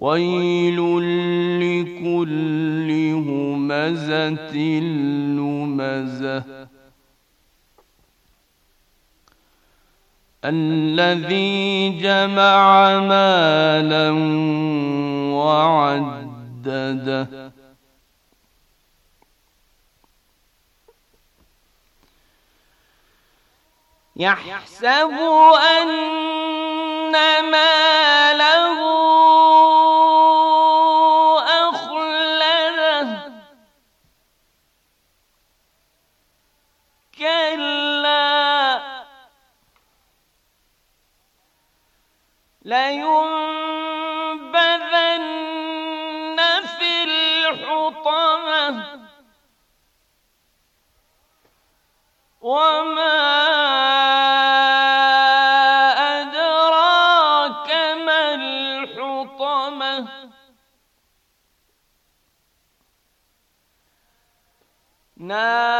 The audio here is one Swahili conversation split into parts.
ويل لكل همزة لمزة الذي جمع مالا وعدده يحسب أن ماله لينبذن في الحطمة وما أدراك ما الحطمة نار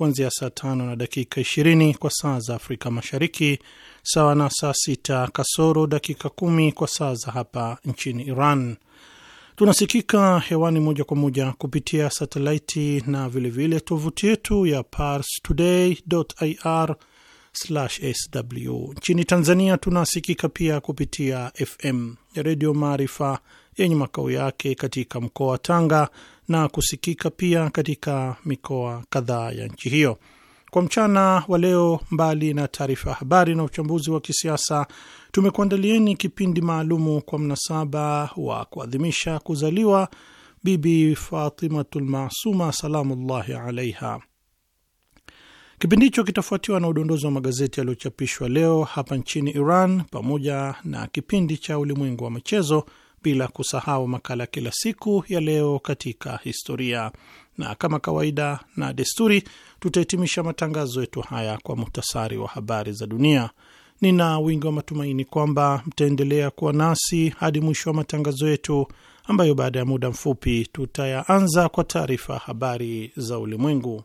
kuanzia saa tano na dakika ishirini kwa saa za Afrika Mashariki, sawa na saa sita kasoro dakika kumi kwa saa za hapa nchini Iran. Tunasikika hewani moja kwa moja kupitia satelaiti na vilevile tovuti yetu ya ir sw Nchini Tanzania tunasikika pia kupitia FM ya Redio Maarifa yenye makao yake katika mkoa wa Tanga na kusikika pia katika mikoa kadhaa ya nchi hiyo. Kwa mchana wa leo, mbali na taarifa ya habari na uchambuzi wa kisiasa, tumekuandalieni kipindi maalumu kwa mnasaba wa kuadhimisha kuzaliwa Bibi Fatimatul Masuma salamullahi alaiha. Kipindi hicho kitafuatiwa na udondozi wa magazeti yaliyochapishwa leo hapa nchini Iran, pamoja na kipindi cha ulimwengu wa michezo bila kusahau makala kila siku ya leo katika historia, na kama kawaida na desturi, tutahitimisha matangazo yetu haya kwa muhtasari wa habari za dunia. Nina wingi wa matumaini kwamba mtaendelea kuwa nasi hadi mwisho wa matangazo yetu ambayo baada ya muda mfupi tutayaanza kwa taarifa habari za ulimwengu.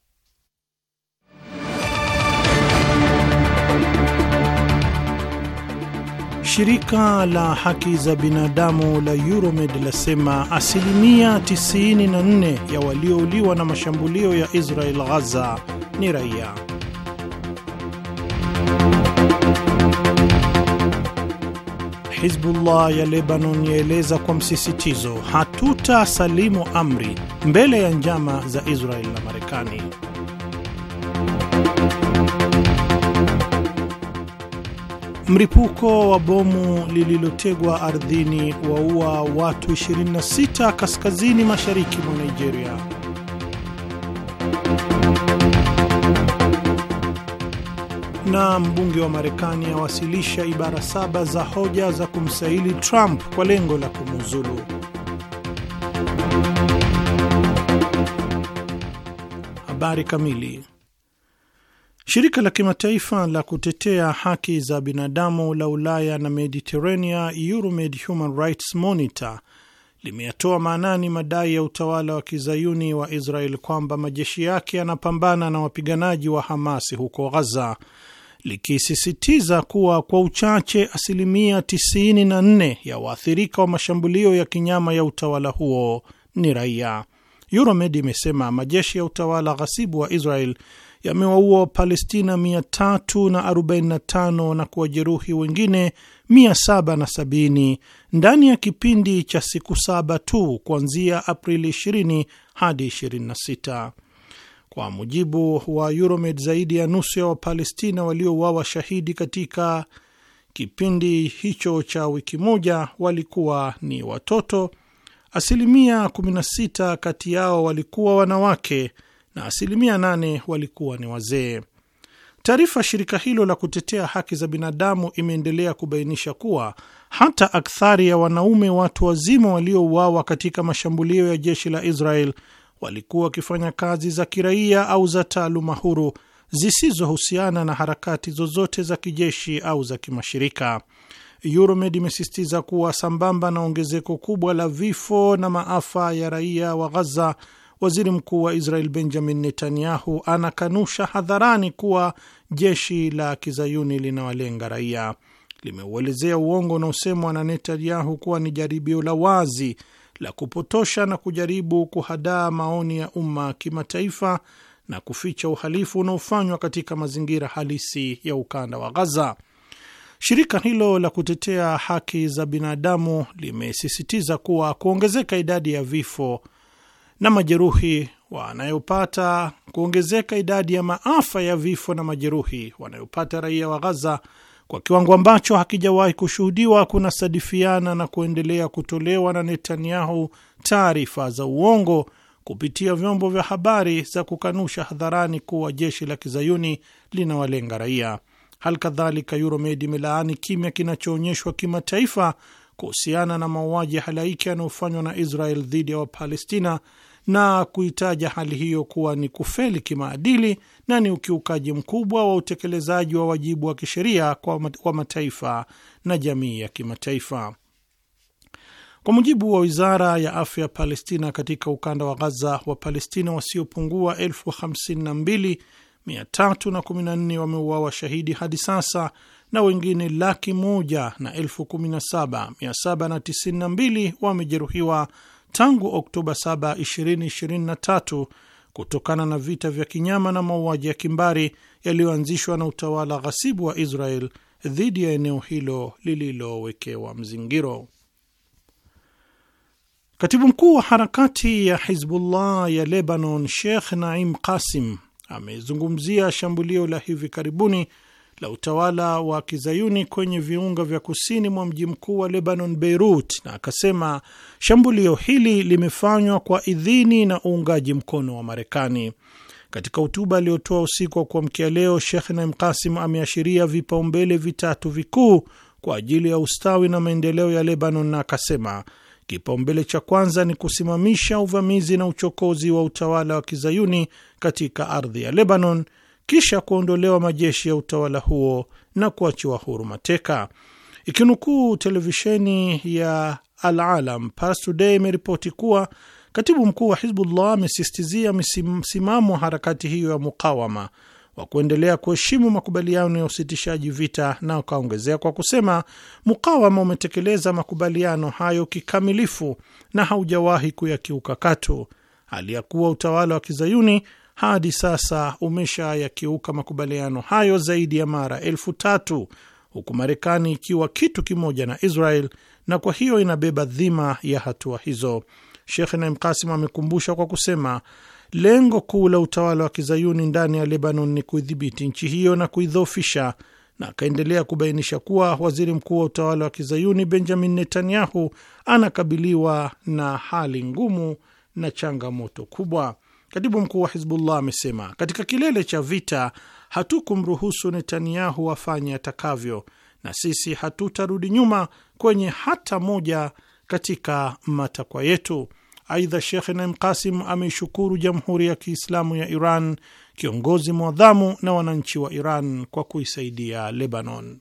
Shirika la haki za binadamu la Euromed lasema asilimia 94 ya waliouliwa na mashambulio ya Israel Ghaza ni raia. Hizbullah ya Lebanon yaeleza kwa msisitizo, hatuta salimu amri mbele ya njama za Israel na Marekani. Mripuko wa bomu lililotegwa ardhini waua watu 26 kaskazini mashariki mwa Nigeria. Na mbunge wa Marekani awasilisha ibara saba za hoja za kumsaili Trump kwa lengo la kumuzulu Habari kamili Shirika la kimataifa la kutetea haki za binadamu la Ulaya na Mediterranea, Euromed Human Rights Monitor, limeyatoa maanani madai ya utawala wa kizayuni wa Israel kwamba majeshi yake yanapambana na wapiganaji wa Hamasi huko Ghaza, likisisitiza kuwa kwa uchache asilimia 94 ya waathirika wa mashambulio ya kinyama ya utawala huo ni raia. Euromed imesema majeshi ya utawala ghasibu wa Israel yamewaua Wapalestina 345 na kuwajeruhi wengine 770 ndani ya kipindi cha siku saba tu kuanzia Aprili 20 hadi 26. Kwa mujibu wa Euromed, zaidi ya nusu ya Wapalestina waliouawa shahidi katika kipindi hicho cha wiki moja walikuwa ni watoto. Asilimia 16 kati yao walikuwa wanawake na asilimia nane walikuwa ni wazee. Taarifa shirika hilo la kutetea haki za binadamu imeendelea kubainisha kuwa hata akthari ya wanaume watu wazima waliouawa katika mashambulio ya jeshi la Israel walikuwa wakifanya kazi za kiraia au za taaluma huru zisizohusiana na harakati zozote za kijeshi au za kimashirika. Euromed imesisitiza kuwa sambamba na ongezeko kubwa la vifo na maafa ya raia wa Ghaza waziri mkuu wa Israel Benjamin Netanyahu anakanusha hadharani kuwa jeshi la kizayuni linawalenga raia. Limeuelezea uongo unaosemwa na Netanyahu kuwa ni jaribio la wazi la kupotosha na kujaribu kuhadaa maoni ya umma kimataifa na kuficha uhalifu unaofanywa katika mazingira halisi ya ukanda wa Gaza. Shirika hilo la kutetea haki za binadamu limesisitiza kuwa kuongezeka idadi ya vifo na majeruhi wanayopata kuongezeka idadi ya maafa ya vifo na majeruhi wanayopata raia wa Ghaza kwa kiwango ambacho hakijawahi kushuhudiwa kunasadifiana na kuendelea kutolewa na Netanyahu taarifa za uongo kupitia vyombo vya habari za kukanusha hadharani kuwa jeshi la kizayuni linawalenga raia. Hali kadhalika Euromed imelaani kimya kinachoonyeshwa kimataifa kuhusiana na mauaji halaiki yanayofanywa na Israel dhidi ya Wapalestina na kuitaja hali hiyo kuwa ni kufeli kimaadili na ni ukiukaji mkubwa wa utekelezaji wa wajibu wa kisheria kwa mataifa na jamii ya kimataifa. Kwa mujibu wa wizara ya afya ya Palestina, katika ukanda wa Ghaza, palestina wasiopungua 52314 wameuawa shahidi hadi sasa na wengine laki moja na 117,792 wamejeruhiwa tangu Oktoba 7, 2023 kutokana na vita vya kinyama na mauaji ya kimbari yaliyoanzishwa na utawala ghasibu wa Israel dhidi ya eneo hilo lililowekewa mzingiro. Katibu mkuu wa harakati ya Hizbullah ya Lebanon, Sheikh Naim Qasim amezungumzia shambulio la hivi karibuni la utawala wa kizayuni kwenye viunga vya kusini mwa mji mkuu wa Lebanon, Beirut, na akasema shambulio hili limefanywa kwa idhini na uungaji mkono wa Marekani. Katika hotuba aliyotoa usiku wa kuamkia leo, Shekh Naim Kasim ameashiria vipaumbele vitatu vikuu kwa ajili ya ustawi na maendeleo ya Lebanon na akasema kipaumbele cha kwanza ni kusimamisha uvamizi na uchokozi wa utawala wa kizayuni katika ardhi ya Lebanon kisha kuondolewa majeshi ya utawala huo na kuachiwa huru mateka. Ikinukuu televisheni ya Alalam, Pars Today imeripoti kuwa katibu mkuu wa Hizbullah amesistizia msimamo wa harakati hiyo ya mukawama wa kuendelea kuheshimu makubaliano ya usitishaji vita, na akaongezea kwa kusema, mukawama umetekeleza makubaliano hayo kikamilifu na haujawahi kuyakiuka katu, hali ya kuwa utawala wa kizayuni hadi sasa umeshayakiuka makubaliano hayo zaidi ya mara elfu tatu huku Marekani ikiwa kitu kimoja na Israel na kwa hiyo inabeba dhima ya hatua hizo. Shekh Naim Kasim amekumbusha kwa kusema lengo kuu la utawala wa kizayuni ndani ya Lebanon ni kuidhibiti nchi hiyo na kuidhoofisha, na akaendelea kubainisha kuwa waziri mkuu wa utawala wa kizayuni Benjamin Netanyahu anakabiliwa na hali ngumu na changamoto kubwa. Katibu mkuu wa Hizbullah amesema katika kilele cha vita hatukumruhusu Netanyahu afanye atakavyo, na sisi hatutarudi nyuma kwenye hata moja katika matakwa yetu. Aidha, Shekh Naim Kasim ameishukuru Jamhuri ya Kiislamu ya Iran, kiongozi mwadhamu na wananchi wa Iran kwa kuisaidia Lebanon.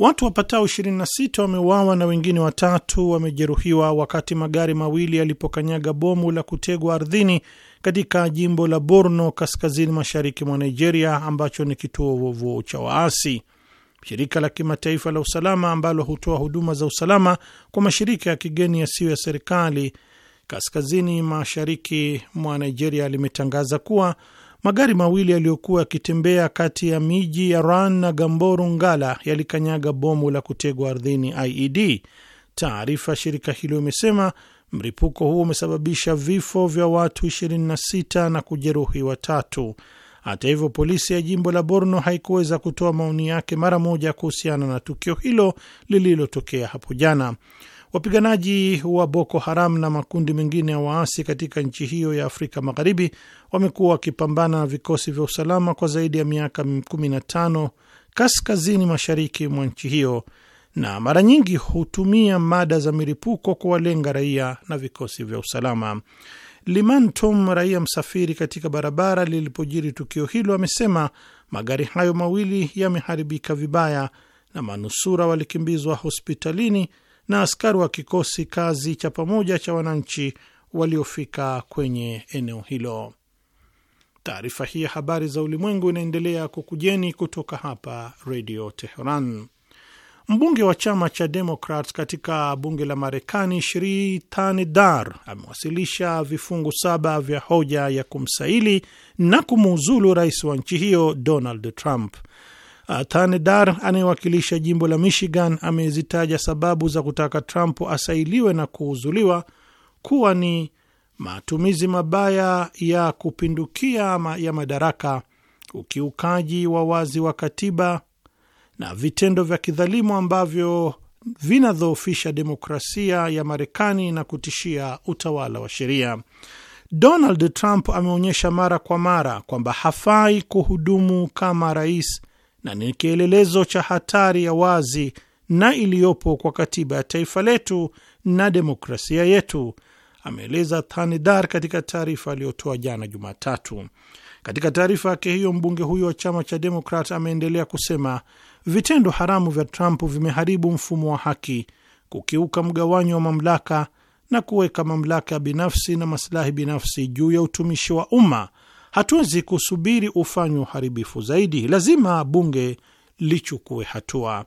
Watu wapatao 26 wameuawa na wengine watatu wamejeruhiwa wakati magari mawili yalipokanyaga bomu la kutegwa ardhini katika jimbo la Borno kaskazini mashariki mwa Nigeria ambacho ni kituo vovuo cha waasi. Shirika la kimataifa la usalama ambalo hutoa huduma za usalama kwa mashirika ya kigeni yasiyo ya serikali kaskazini mashariki mwa Nigeria limetangaza kuwa Magari mawili yaliyokuwa yakitembea kati ya miji ya Ran na Gamboru Ngala yalikanyaga bomu la kutegwa ardhini IED. Taarifa ya shirika hilo imesema mlipuko huo umesababisha vifo vya watu 26 na kujeruhi watatu. Hata hivyo, polisi ya jimbo la Borno haikuweza kutoa maoni yake mara moja kuhusiana na tukio hilo lililotokea hapo jana. Wapiganaji wa Boko Haram na makundi mengine ya waasi katika nchi hiyo ya Afrika Magharibi wamekuwa wakipambana na vikosi vya usalama kwa zaidi ya miaka 15 kaskazini mashariki mwa nchi hiyo na mara nyingi hutumia mada za milipuko kuwalenga raia na vikosi vya usalama. Limantom, raia msafiri katika barabara lilipojiri tukio hilo, amesema magari hayo mawili yameharibika vibaya na manusura walikimbizwa hospitalini na askari wa kikosi kazi cha pamoja cha wananchi waliofika kwenye eneo hilo. Taarifa hii ya habari za ulimwengu inaendelea kukujeni kutoka hapa Redio Teheran. Mbunge wa chama cha Demokrat katika bunge la Marekani, Shritani Dar amewasilisha vifungu saba vya hoja ya kumsaili na kumuuzulu rais wa nchi hiyo Donald Trump. Uh, Tane Dar anayewakilisha jimbo la Michigan amezitaja sababu za kutaka Trump asailiwe na kuuzuliwa kuwa ni matumizi mabaya ya kupindukia ya madaraka, ukiukaji wa wazi wa katiba na vitendo vya kidhalimu ambavyo vinadhoofisha demokrasia ya Marekani na kutishia utawala wa sheria. Donald Trump ameonyesha mara kwa mara kwamba hafai kuhudumu kama rais na ni kielelezo cha hatari ya wazi na iliyopo kwa katiba ya taifa letu na demokrasia yetu, ameeleza Thanidar katika taarifa aliyotoa jana Jumatatu. Katika taarifa yake hiyo, mbunge huyo wa chama cha Demokrat ameendelea kusema vitendo haramu vya Trump vimeharibu mfumo wa haki, kukiuka mgawanyo wa mamlaka na kuweka mamlaka ya binafsi na masilahi binafsi juu ya utumishi wa umma Hatuwezi kusubiri ufanywe uharibifu zaidi, lazima bunge lichukue hatua.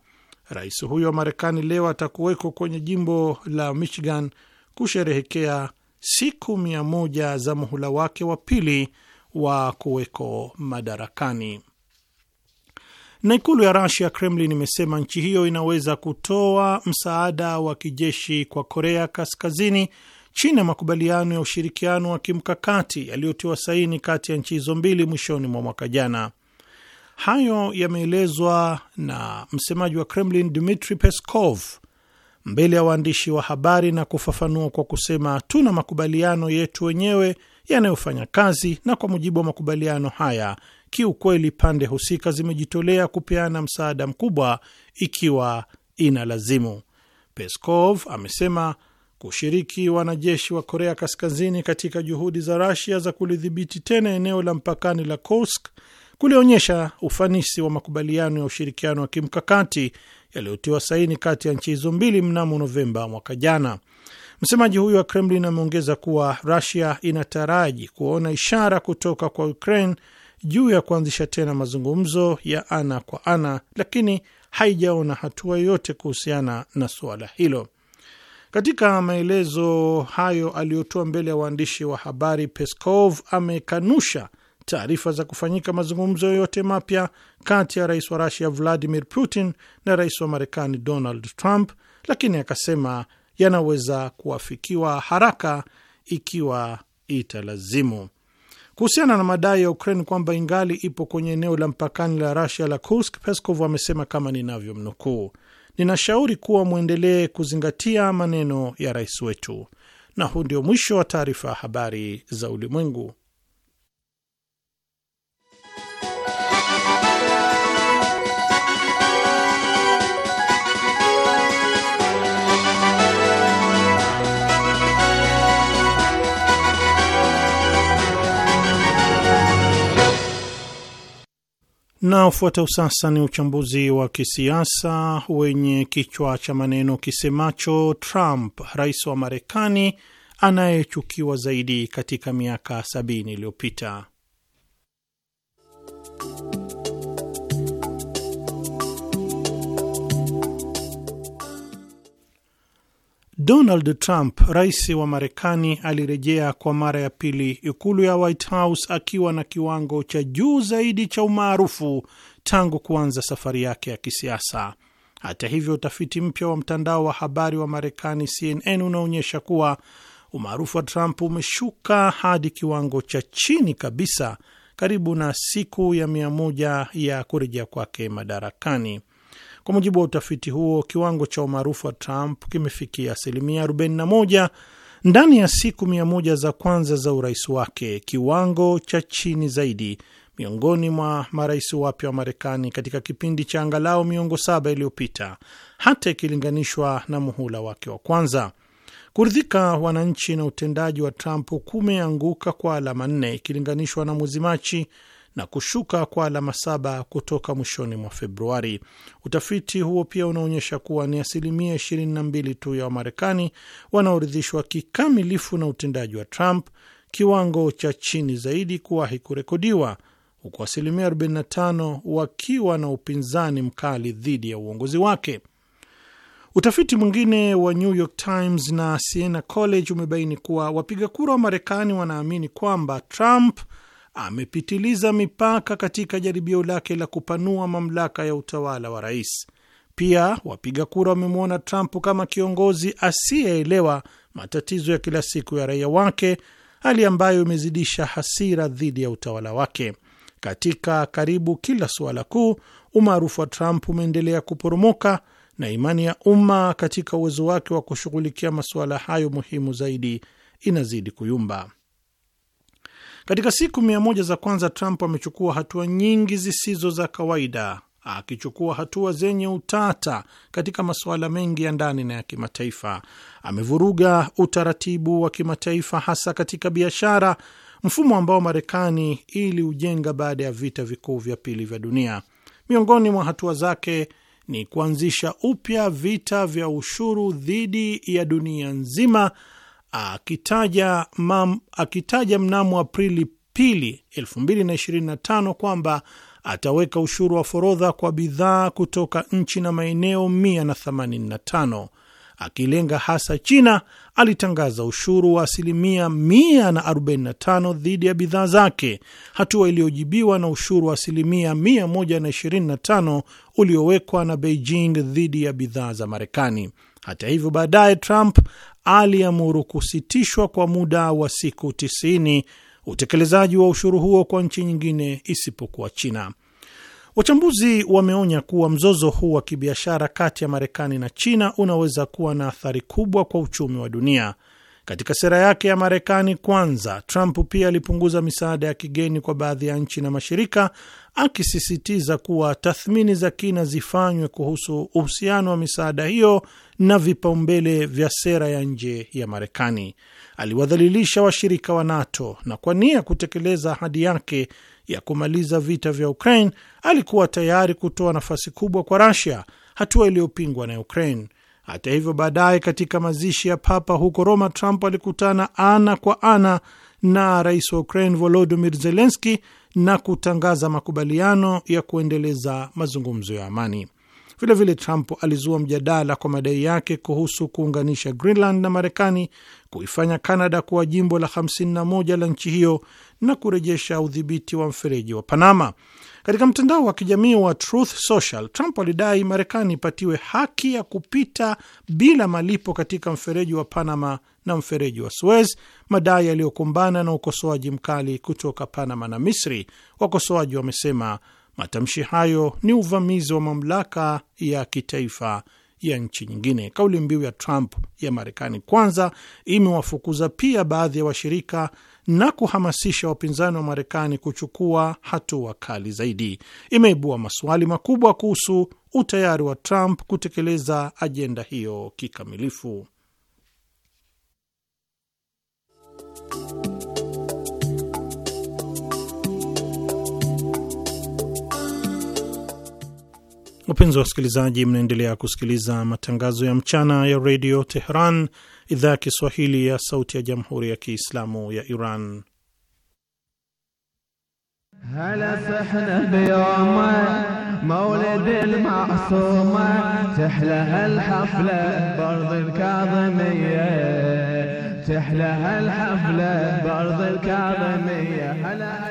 Rais huyo wa Marekani leo atakuweko kwenye jimbo la Michigan kusherehekea siku mia moja za muhula wake wa pili wa kuweko madarakani. Na ikulu ya Rasia, Kremlin, imesema nchi hiyo inaweza kutoa msaada wa kijeshi kwa Korea Kaskazini chini ya makubaliano ya ushirikiano wa kimkakati yaliyotiwa saini kati ya nchi hizo mbili mwishoni mwa mwaka jana. Hayo yameelezwa na msemaji wa Kremlin Dmitri Peskov mbele ya waandishi wa habari na kufafanua kwa kusema, tuna makubaliano yetu wenyewe yanayofanya kazi, na kwa mujibu wa makubaliano haya, kiukweli pande husika zimejitolea kupeana msaada mkubwa ikiwa ina lazimu. Peskov amesema kushiriki wanajeshi wa Korea Kaskazini katika juhudi za Rasia za kulidhibiti tena eneo la mpakani la Kursk kulionyesha ufanisi wa makubaliano ya ushirikiano wa kimkakati yaliyotiwa saini kati ya nchi hizo mbili mnamo Novemba mwaka jana. Msemaji huyo wa Kremlin ameongeza kuwa Rasia inataraji kuona ishara kutoka kwa Ukraine juu ya kuanzisha tena mazungumzo ya ana kwa ana, lakini haijaona hatua yoyote kuhusiana na suala hilo. Katika maelezo hayo aliyotoa mbele ya waandishi wa habari, Peskov amekanusha taarifa za kufanyika mazungumzo yoyote mapya kati ya rais wa Rusia Vladimir Putin na rais wa Marekani Donald Trump, lakini akasema yanaweza kuafikiwa haraka ikiwa italazimu. Kuhusiana na madai ya Ukraine kwamba ingali ipo kwenye eneo la mpakani la Rusia la Kursk, Peskov amesema kama ninavyomnukuu ninashauri kuwa mwendelee kuzingatia maneno ya rais wetu. Na huu ndio mwisho wa taarifa ya habari za ulimwengu. Na ufuatao sasa ni uchambuzi wa kisiasa wenye kichwa cha maneno kisemacho Trump, rais wa Marekani anayechukiwa zaidi katika miaka sabini iliyopita. Donald Trump, rais wa Marekani, alirejea kwa mara ya pili ikulu ya White House akiwa na kiwango cha juu zaidi cha umaarufu tangu kuanza safari yake ya kisiasa. Hata hivyo, utafiti mpya wa mtandao wa habari wa Marekani CNN unaonyesha kuwa umaarufu wa Trump umeshuka hadi kiwango cha chini kabisa karibu na siku ya mia moja ya kurejea kwake madarakani. Kwa mujibu wa utafiti huo, kiwango cha umaarufu wa Trump kimefikia asilimia 41 ndani ya siku mia za kwanza za urais wake, kiwango cha chini zaidi miongoni mwa marais wapya wa Marekani katika kipindi cha angalau miongo saba iliyopita, hata ikilinganishwa na muhula wake wa kwanza. Kuridhika wananchi na utendaji wa Trump kumeanguka kwa alama nne ikilinganishwa na mwezi Machi na kushuka kwa alama saba kutoka mwishoni mwa Februari. Utafiti huo pia unaonyesha kuwa ni asilimia 22 tu ya Wamarekani wanaoridhishwa kikamilifu na utendaji wa Trump, kiwango cha chini zaidi kuwahi kurekodiwa, huku asilimia 45 wakiwa na upinzani mkali dhidi ya uongozi wake. Utafiti mwingine wa New York Times na Siena College umebaini kuwa wapiga kura wa Marekani wanaamini kwamba Trump amepitiliza mipaka katika jaribio lake la kupanua mamlaka ya utawala wa rais. Pia wapiga kura wamemwona Trump kama kiongozi asiyeelewa matatizo ya kila siku ya raia wake, hali ambayo imezidisha hasira dhidi ya utawala wake. Katika karibu kila suala kuu, umaarufu wa Trump umeendelea kuporomoka na imani ya umma katika uwezo wake wa kushughulikia masuala hayo muhimu zaidi inazidi kuyumba. Katika siku mia moja za kwanza, Trump amechukua hatua nyingi zisizo za kawaida, akichukua hatua zenye utata katika masuala mengi ya ndani na ya kimataifa. Amevuruga utaratibu wa kimataifa, hasa katika biashara, mfumo ambao Marekani iliujenga baada ya vita vikuu vya pili vya dunia. Miongoni mwa hatua zake ni kuanzisha upya vita vya ushuru dhidi ya dunia nzima akitaja, mam, akitaja mnamo Aprili pili 2025 kwamba ataweka ushuru wa forodha kwa bidhaa kutoka nchi na maeneo 185 akilenga hasa China. Alitangaza ushuru wa asilimia 145 dhidi ya bidhaa zake, hatua iliyojibiwa na ushuru wa asilimia 125 uliowekwa na Beijing dhidi ya bidhaa za Marekani. Hata hivyo, baadaye Trump aliamuru kusitishwa kwa muda wa siku tisini utekelezaji wa ushuru huo kwa nchi nyingine isipokuwa China. Wachambuzi wameonya kuwa mzozo huu wa kibiashara kati ya Marekani na China unaweza kuwa na athari kubwa kwa uchumi wa dunia katika sera yake ya Marekani kwanza, Trump pia alipunguza misaada ya kigeni kwa baadhi ya nchi na mashirika, akisisitiza kuwa tathmini za kina zifanywe kuhusu uhusiano wa misaada hiyo na vipaumbele vya sera ya nje ya Marekani. Aliwadhalilisha washirika wa NATO na kwa nia ya kutekeleza ahadi yake ya kumaliza vita vya Ukraine alikuwa tayari kutoa nafasi kubwa kwa Russia, hatua iliyopingwa na Ukraine. Hata hivyo, baadaye katika mazishi ya papa huko Roma, Trump alikutana ana kwa ana na rais wa Ukraine Volodymyr Zelensky na kutangaza makubaliano ya kuendeleza mazungumzo ya amani. Vilevile, Trump alizua mjadala kwa madai yake kuhusu kuunganisha Greenland na Marekani, kuifanya canada kuwa jimbo la 51 la nchi hiyo na kurejesha udhibiti wa mfereji wa Panama. Katika mtandao wa kijamii wa Truth Social, Trump alidai Marekani ipatiwe haki ya kupita bila malipo katika mfereji wa Panama na mfereji wa Suez, madai yaliyokumbana na ukosoaji mkali kutoka Panama na Misri. Wakosoaji wamesema matamshi hayo ni uvamizi wa mamlaka ya kitaifa ya nchi nyingine. Kauli mbiu ya Trump ya Marekani kwanza imewafukuza pia baadhi ya washirika na kuhamasisha wapinzani wa Marekani kuchukua hatua kali zaidi, imeibua maswali makubwa kuhusu utayari wa Trump kutekeleza ajenda hiyo kikamilifu. Wapenzi wa wasikilizaji, mnaendelea kusikiliza matangazo ya mchana ya redio Teheran, idhaa ya Kiswahili ya sauti ya jamhuri ya Kiislamu ya Iran.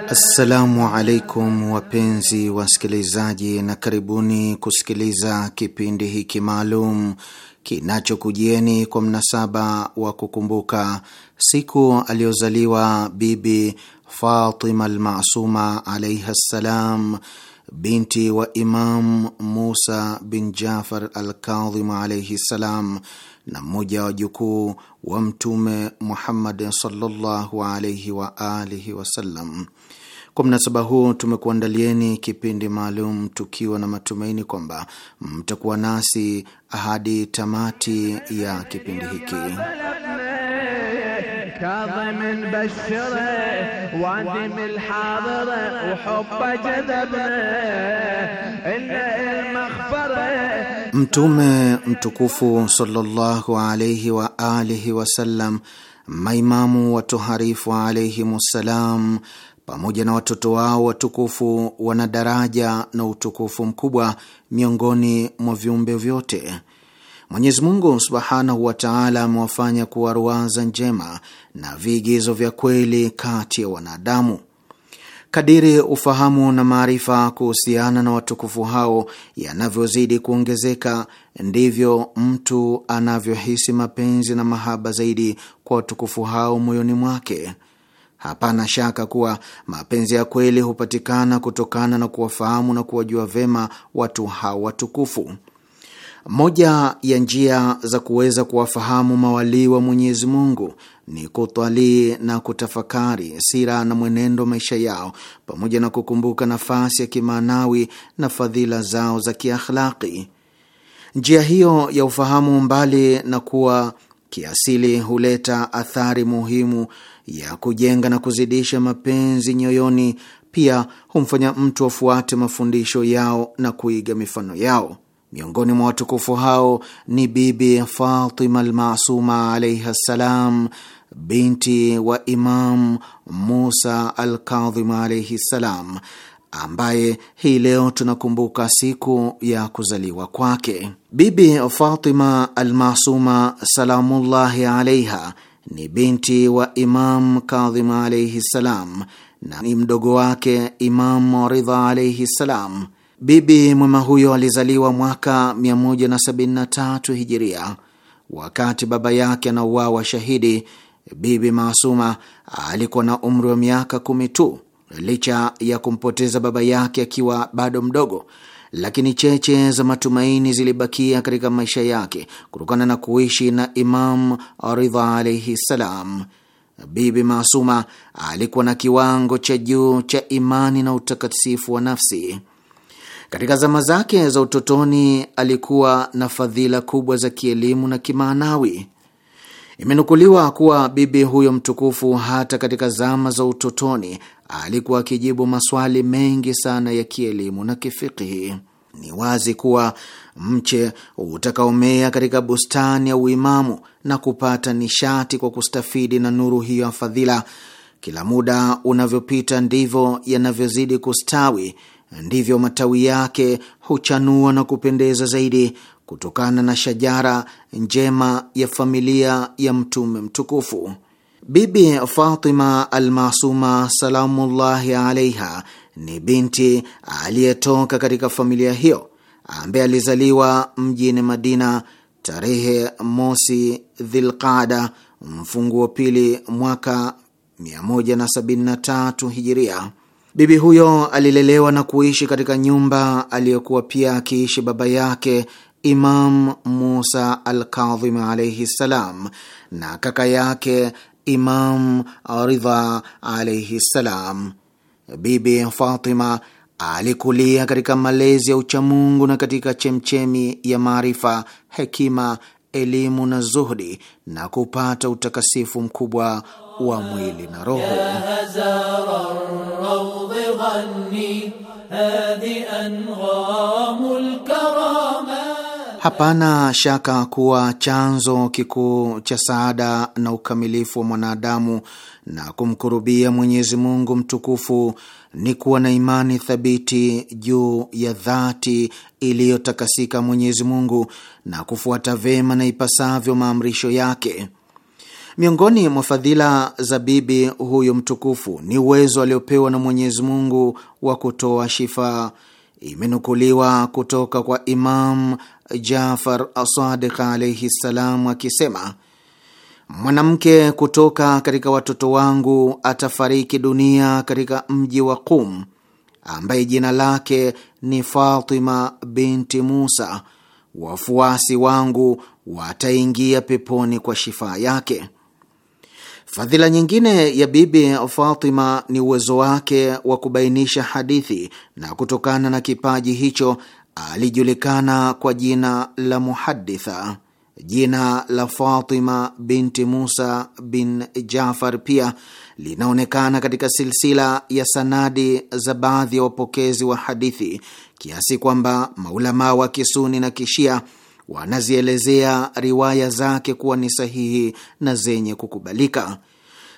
Assalamu alaikum wapenzi wasikilizaji, na karibuni kusikiliza kipindi hiki maalum kinachokujieni kwa mnasaba wa kukumbuka siku aliyozaliwa Bibi Fatima Almasuma alaihi ssalam, binti wa Imam Musa bin Jafar alkadhimu alaihi ssalam na mmoja wa wajukuu wa Mtume Muhammad sallallahu alaihi wa alihi wasallam. Kwa mnasaba huu tumekuandalieni kipindi maalum tukiwa na matumaini kwamba mtakuwa nasi hadi tamati ya kipindi hiki. Mtume mtukufu sallallahu alaihi wa alihi wasallam, maimamu watoharifu alaihimussalam, pamoja na watoto wao watukufu wana daraja na utukufu mkubwa miongoni mwa viumbe vyote. Mwenyezi Mungu subhanahu wa taala amewafanya kuwa ruwaza njema na viigizo vya kweli kati ya wanadamu. Kadiri ufahamu na maarifa kuhusiana na watukufu hao yanavyozidi kuongezeka, ndivyo mtu anavyohisi mapenzi na mahaba zaidi kwa watukufu hao moyoni mwake. Hapana shaka kuwa mapenzi ya kweli hupatikana kutokana na kuwafahamu na kuwajua vema watu hao watukufu. Moja ya njia za kuweza kuwafahamu mawalii wa Mwenyezi Mungu ni kutwalii na kutafakari sira na mwenendo maisha yao, pamoja na kukumbuka nafasi ya kimaanawi na fadhila zao za kiakhlaki. Njia hiyo ya ufahamu, mbali na kuwa kiasili, huleta athari muhimu ya kujenga na kuzidisha mapenzi nyoyoni, pia humfanya mtu afuate mafundisho yao na kuiga mifano yao. Miongoni mwa watukufu hao ni Bibi Fatima Almasuma alaihi ssalam, binti wa Imam Musa Alkadhim alaihi ssalam, ambaye hii leo tunakumbuka siku ya kuzaliwa kwake. Bibi Fatima Almasuma salamullahi alaiha ni binti wa Imam Kadhim alaihi ssalam na ni mdogo wake Imam Ridha alaihi ssalam. Bibi mwema huyo alizaliwa mwaka 173 hijiria. Wakati baba yake anauawa shahidi, Bibi Maasuma alikuwa na umri wa miaka kumi tu. Licha ya kumpoteza baba yake akiwa bado mdogo, lakini cheche za matumaini zilibakia katika maisha yake kutokana na kuishi na Imam Ridha alaihi ssalam. Bibi Maasuma alikuwa na kiwango cha juu cha imani na utakatifu wa nafsi. Katika zama zake za utotoni alikuwa na fadhila kubwa za kielimu na kimaanawi. Imenukuliwa kuwa bibi huyo mtukufu hata katika zama za utotoni alikuwa akijibu maswali mengi sana ya kielimu na kifikihi. Ni wazi kuwa mche utakaomea katika bustani ya uimamu na kupata nishati kwa kustafidi na nuru hiyo ya fadhila, kila muda unavyopita ndivyo yanavyozidi kustawi ndivyo matawi yake huchanua na kupendeza zaidi kutokana na shajara njema ya familia ya Mtume mtukufu. Bibi Fatima Almasuma salamullahi alaiha ni binti aliyetoka katika familia hiyo ambaye alizaliwa mjini Madina tarehe mosi Dhilqada mfunguo pili mwaka 173 hijiria. Bibi huyo alilelewa na kuishi katika nyumba aliyokuwa pia akiishi baba yake Imam Musa Alkadhim alaihi ssalam na kaka yake Imam Ridha alaihi ssalam. Bibi Fatima alikulia katika malezi ya uchamungu na katika chemchemi ya maarifa, hekima, elimu na zuhdi na kupata utakasifu mkubwa wa mwili na roho. Hapana shaka kuwa chanzo kikuu cha saada na ukamilifu wa mwanadamu na kumkurubia Mwenyezi Mungu mtukufu ni kuwa na imani thabiti juu ya dhati iliyotakasika Mwenyezi Mungu na kufuata vema na ipasavyo maamrisho yake. Miongoni mwa fadhila za bibi huyu mtukufu ni uwezo aliopewa na Mwenyezi Mungu wa kutoa shifa. Imenukuliwa kutoka kwa Imam Jafar Sadiq alaihi ssalam akisema, mwanamke kutoka katika watoto wangu atafariki dunia katika mji wa Qum, ambaye jina lake ni Fatima binti Musa. Wafuasi wangu wataingia peponi kwa shifaa yake. Fadhila nyingine ya Bibi Fatima ni uwezo wake wa kubainisha hadithi, na kutokana na kipaji hicho alijulikana kwa jina la muhaditha. Jina la Fatima binti Musa bin Jafar pia linaonekana katika silsila ya sanadi za baadhi ya wapokezi wa hadithi, kiasi kwamba maulamaa wa Kisuni na Kishia wanazielezea riwaya zake kuwa ni sahihi na zenye kukubalika.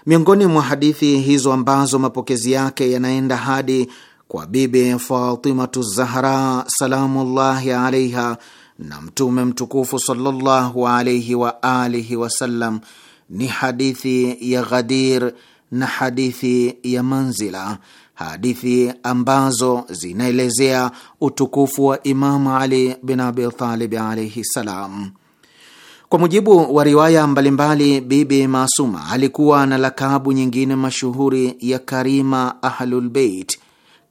Miongoni mwa hadithi hizo ambazo mapokezi yake yanaenda hadi kwa Bibi Fatimatu Zahra salamullahi alaiha na Mtume mtukufu sallallahu alaihi wa alihi wasallam ni hadithi ya Ghadir na hadithi ya Manzila hadithi ambazo zinaelezea utukufu wa Imamu Ali bin Abi Talib alaihi salam. Kwa mujibu wa riwaya mbalimbali, Bibi masuma alikuwa na lakabu nyingine mashuhuri ya Karima Ahlulbeit.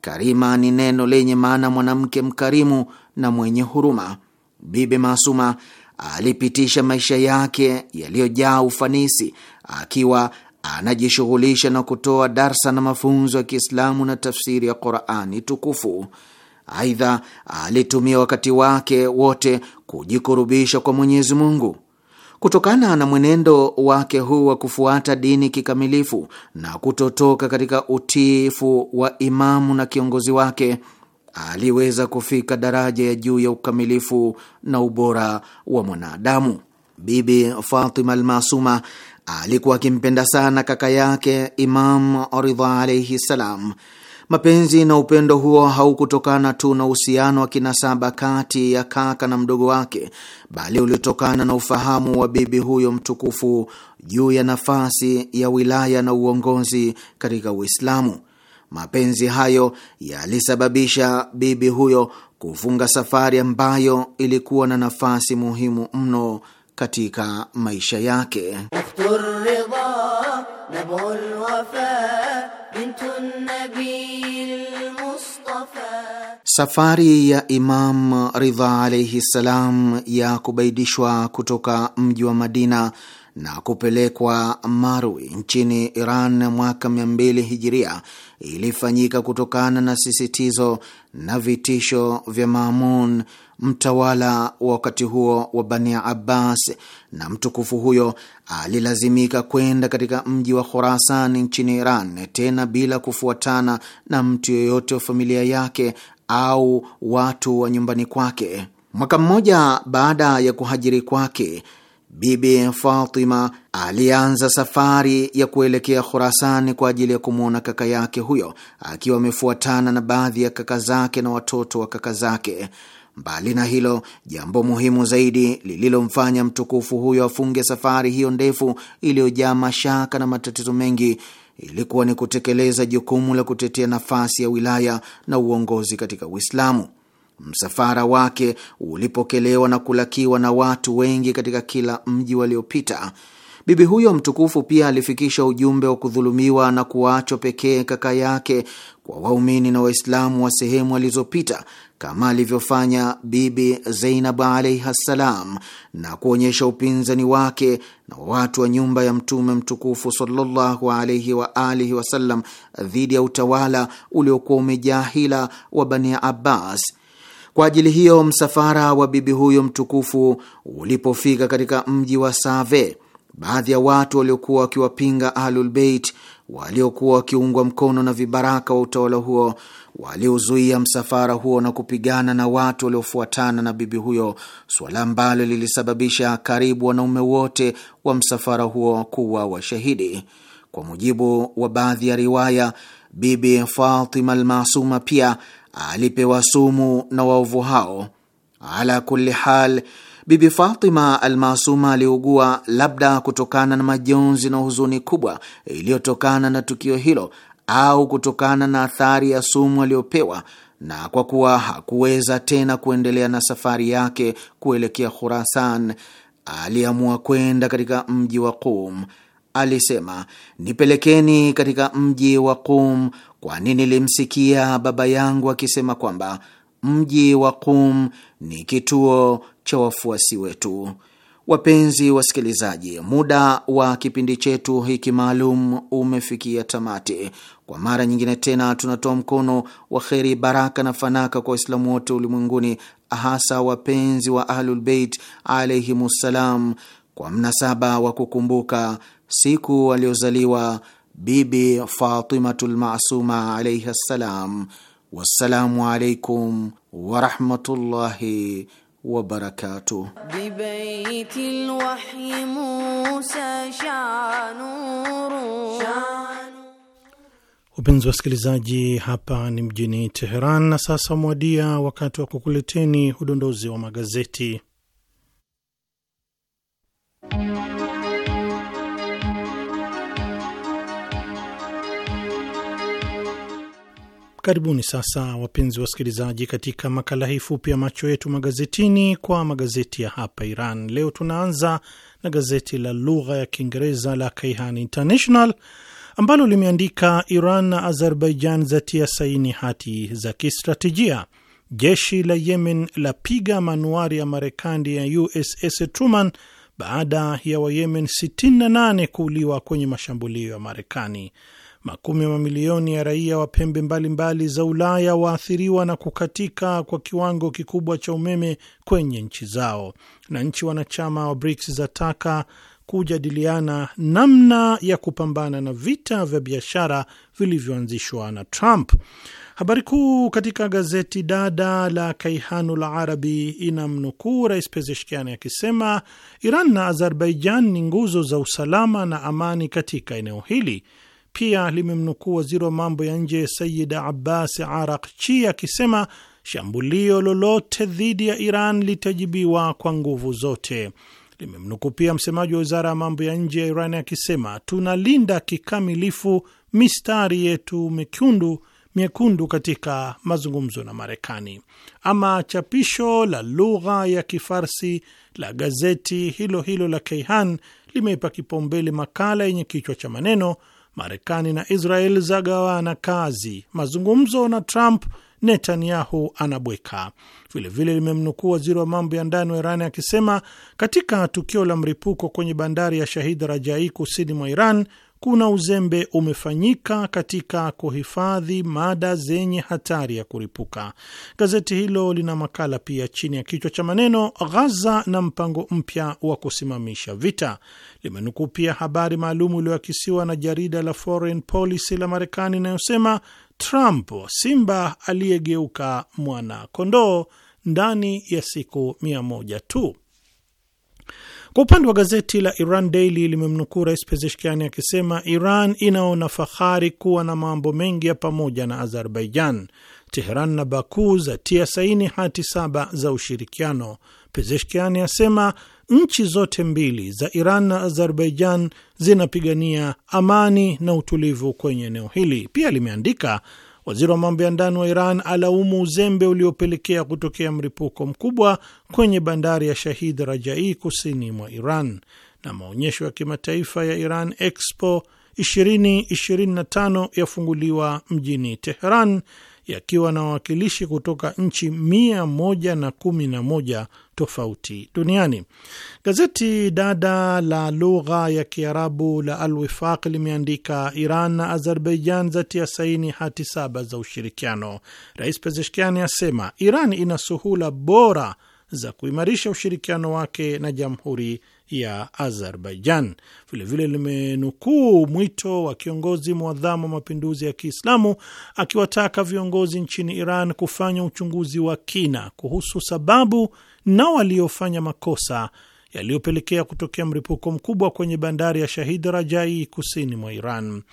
Karima ni neno lenye maana mwanamke mkarimu na mwenye huruma. Bibi masuma alipitisha maisha yake yaliyojaa ufanisi akiwa anajishughulisha na kutoa darsa na mafunzo ya Kiislamu na tafsiri ya Qurani Tukufu. Aidha, alitumia wakati wake wote kujikurubisha kwa Mwenyezi Mungu. Kutokana na mwenendo wake huu wa kufuata dini kikamilifu na kutotoka katika utiifu wa imamu na kiongozi wake, aliweza kufika daraja ya juu ya ukamilifu na ubora wa mwanadamu. Bibi Fatima Almasuma alikuwa akimpenda sana kaka yake Imam Ridha alaihi ssalam. Mapenzi na upendo huo haukutokana tu na uhusiano wa kinasaba kati ya kaka na mdogo wake, bali ulitokana na ufahamu wa bibi huyo mtukufu juu ya nafasi ya wilaya na uongozi katika Uislamu. Mapenzi hayo yalisababisha bibi huyo kufunga safari ambayo ilikuwa na nafasi muhimu mno katika maisha yake. Safari ya Imam Ridha alaihi ssalam ya kubaidishwa kutoka mji wa Madina na kupelekwa Marwi nchini Iran mwaka 200 hijiria ilifanyika kutokana na sisitizo na vitisho vya Mamun, mtawala wa wakati huo wa Bani Abbas, na mtukufu huyo alilazimika kwenda katika mji wa Khurasani nchini Iran, tena bila kufuatana na mtu yoyote wa familia yake au watu wa nyumbani kwake. Mwaka mmoja baada ya kuhajiri kwake Bibi Fatima alianza safari ya kuelekea Khurasani kwa ajili ya kumwona kaka yake huyo, akiwa amefuatana na baadhi ya kaka zake na watoto wa kaka zake. Mbali na hilo, jambo muhimu zaidi lililomfanya mtukufu huyo afunge safari hiyo ndefu iliyojaa mashaka na matatizo mengi ilikuwa ni kutekeleza jukumu la kutetea nafasi ya wilaya na uongozi katika Uislamu. Msafara wake ulipokelewa na kulakiwa na watu wengi katika kila mji waliopita. Bibi huyo mtukufu pia alifikisha ujumbe wa kudhulumiwa na kuachwa pekee kaka yake kwa waumini na Waislamu wa sehemu alizopita kama alivyofanya Bibi Zainab alaihi ssalam, na kuonyesha upinzani wake na watu wa nyumba ya Mtume mtukufu sallallahu alaihi wa alihi wasallam dhidi ya utawala uliokuwa umejaa hila wa Bani Abbas. Kwa ajili hiyo msafara wa bibi huyo mtukufu ulipofika katika mji wa Save, baadhi ya watu waliokuwa wakiwapinga Ahlulbeit waliokuwa wakiungwa mkono na vibaraka wa utawala huo waliuzuia msafara huo na kupigana na watu waliofuatana na bibi huyo, suala ambalo lilisababisha karibu wanaume wote wa msafara huo kuwa washahidi. Kwa mujibu wa baadhi ya riwaya, Bibi Fatima Almasuma pia alipewa sumu na waovu hao. Ala kulli hal, Bibi Fatima Almasuma aliugua, labda kutokana na majonzi na huzuni kubwa iliyotokana na tukio hilo au kutokana na athari ya sumu aliyopewa, na kwa kuwa hakuweza tena kuendelea na safari yake kuelekea Khurasan, aliamua kwenda katika mji wa Qum. Alisema, nipelekeni katika mji wa Qum kwani nilimsikia baba yangu akisema kwamba mji wa Qum ni kituo cha wafuasi wetu. Wapenzi wasikilizaji, muda wa kipindi chetu hiki maalum umefikia tamati. Kwa mara nyingine tena, tunatoa mkono wa kheri, baraka na fanaka kwa Waislamu wote ulimwenguni, hasa wapenzi wa Ahlulbeit alaihimussalam, kwa mnasaba wa kukumbuka siku waliozaliwa Bibi Fatimatul Masuma alaihi ssalam. Wassalamu alaikum warahmatullahi wabarakatuh. Upenzi wa wasikilizaji, hapa ni mjini Teheran na sasa mwadia wakati wa kukuleteni udondozi wa magazeti. Karibuni sasa wapenzi wasikilizaji, katika makala hii fupi ya macho yetu magazetini kwa magazeti ya hapa Iran. Leo tunaanza na gazeti la lugha ya Kiingereza la Kayhan International ambalo limeandika Iran na Azerbaijan zatia saini hati za kistratejia. Jeshi la Yemen lapiga manuari ya Marekani ya USS Truman baada ya Wayemen 68 kuuliwa kwenye mashambulio ya Marekani makumi ya mamilioni ya raia wa pembe mbalimbali mbali za Ulaya waathiriwa na kukatika kwa kiwango kikubwa cha umeme kwenye nchi zao, na nchi wanachama wa BRICS zataka kujadiliana namna ya kupambana na vita vya biashara vilivyoanzishwa na Trump. Habari kuu katika gazeti dada la Kaihanul Arabi inamnukuu Rais Pezeshkiani akisema Iran na Azerbaijan ni nguzo za usalama na amani katika eneo hili pia limemnukuu waziri wa mambo ya nje Sayid Abbas Arakchi akisema shambulio lolote dhidi ya Iran litajibiwa kwa nguvu zote. Limemnukuu pia msemaji wa wizara ya mambo ya nje ya Iran akisema tunalinda kikamilifu mistari yetu mekundu miekundu katika mazungumzo na Marekani. Ama chapisho la lugha ya Kifarsi la gazeti hilo hilo la Keihan limeipa kipaumbele makala yenye kichwa cha maneno Marekani na Israel zagawana kazi, mazungumzo na Trump, Netanyahu anabweka. Vilevile limemnukuu waziri wa mambo ya ndani wa Irani akisema katika tukio la mripuko kwenye bandari ya Shahid Rajai kusini mwa Iran kuna uzembe umefanyika katika kuhifadhi mada zenye hatari ya kuripuka. Gazeti hilo lina makala pia chini ya kichwa cha maneno Ghaza na mpango mpya wa kusimamisha vita. Limenukuu pia habari maalum iliyoakisiwa na jarida la Foreign Policy la Marekani inayosema Trump simba aliyegeuka mwana kondoo ndani ya siku mia moja tu. Kwa upande wa gazeti la Iran Daily limemnukuu Rais Pezeshkiani akisema Iran inaona fahari kuwa na mambo mengi ya pamoja na Azerbaijan. Teheran na Baku zatia saini hati saba za ushirikiano. Pezeshkiani asema nchi zote mbili za Iran na Azerbaijan zinapigania amani na utulivu kwenye eneo hili. Pia limeandika Waziri wa mambo ya ndani wa Iran alaumu uzembe uliopelekea kutokea mlipuko mkubwa kwenye bandari ya Shahid Rajai kusini mwa Iran. Na maonyesho ya kimataifa ya Iran Expo 2025 yafunguliwa mjini Teheran yakiwa na wawakilishi kutoka nchi 111 tofauti duniani. Gazeti dada la lugha ya Kiarabu la Al Wifaq limeandika Iran na Azerbaijan zatia saini hati saba za ushirikiano. Rais Pezeshkiani asema Iran ina suhula bora za kuimarisha ushirikiano wake na jamhuri ya Azerbaijan. Vilevile limenukuu mwito wa kiongozi mwadhamu wa mapinduzi ya Kiislamu akiwataka viongozi nchini Iran kufanya uchunguzi wa kina kuhusu sababu na waliofanya makosa yaliyopelekea kutokea mlipuko mkubwa kwenye bandari ya Shahid Rajai kusini mwa Iran.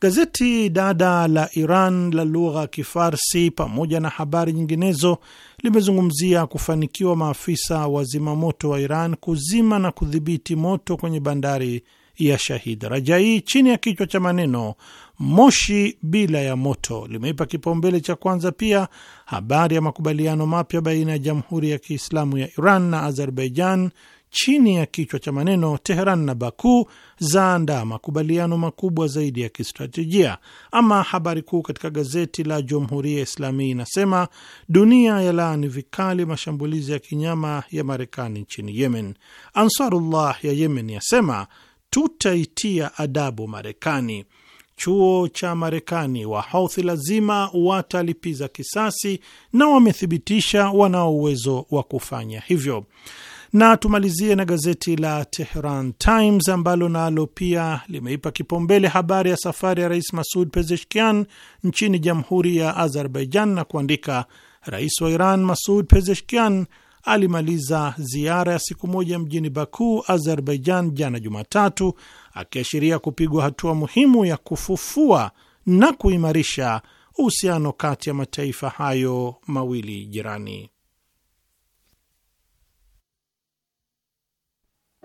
Gazeti dada la Iran la lugha ya Kifarsi pamoja na habari nyinginezo limezungumzia kufanikiwa maafisa wa zimamoto wa Iran kuzima na kudhibiti moto kwenye bandari ya Shahid Rajai chini ya kichwa cha maneno moshi bila ya moto. Limeipa kipaumbele cha kwanza pia habari ya makubaliano mapya baina ya Jamhuri ya Kiislamu ya Iran na Azerbaijan chini ya kichwa cha maneno Teheran na Baku zaandaa makubaliano makubwa zaidi ya kistratejia. Ama habari kuu katika gazeti la Jumhuria ya Islamii inasema dunia yalaani vikali mashambulizi ya kinyama ya Marekani nchini Yemen. Ansarullah ya Yemen yasema tutaitia adabu Marekani. Chuo cha Marekani wa Houthi lazima watalipiza kisasi, na wamethibitisha wanao uwezo wa kufanya hivyo. Na tumalizie na gazeti la Tehran Times ambalo nalo pia limeipa kipaumbele habari ya safari ya Rais Masud Pezeshkian nchini Jamhuri ya Azerbaijan na kuandika, Rais wa Iran Masud Pezeshkian alimaliza ziara ya siku moja mjini Baku, Azerbaijan jana Jumatatu, akiashiria kupigwa hatua muhimu ya kufufua na kuimarisha uhusiano kati ya mataifa hayo mawili jirani.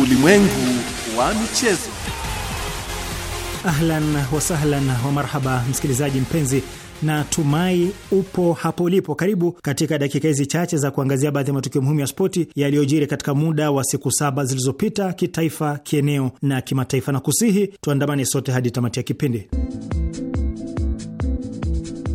Ulimwengu wa michezo. Ahlan wasahlan wa marhaba, msikilizaji mpenzi, na tumai upo hapo ulipo. Karibu katika dakika hizi chache za kuangazia baadhi ya matukio muhimu ya spoti yaliyojiri katika muda wa siku saba zilizopita, kitaifa, kieneo na kimataifa, na kusihi tuandamane sote hadi tamati ya kipindi.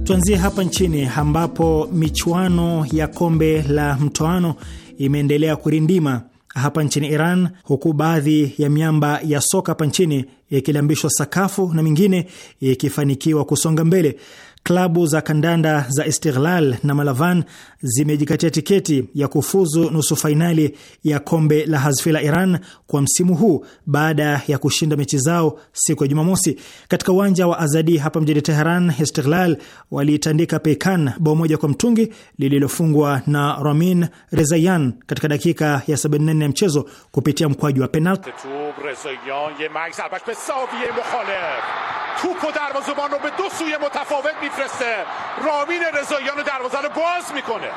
Tuanzie hapa nchini ambapo michuano ya kombe la mtoano imeendelea kurindima hapa nchini Iran, huku baadhi ya miamba ya soka hapa nchini ikilambishwa sakafu na mingine ikifanikiwa kusonga mbele klabu za kandanda za Istiglal na Malavan zimejikatia tiketi ya kufuzu nusu fainali ya kombe la Hazfi la Iran kwa msimu huu baada ya kushinda mechi zao siku ya Jumamosi katika uwanja wa Azadi hapa mjini Teheran. Istiglal waliitandika peikan bao moja kwa mtungi lililofungwa na Ramin Rezayan katika dakika ya 74 ya mchezo kupitia mkwaju wa penalti. توپ و دروازبان رو به دو سوی متفاوت میفرسته رامین رضاییان دروازه رو باز میکنه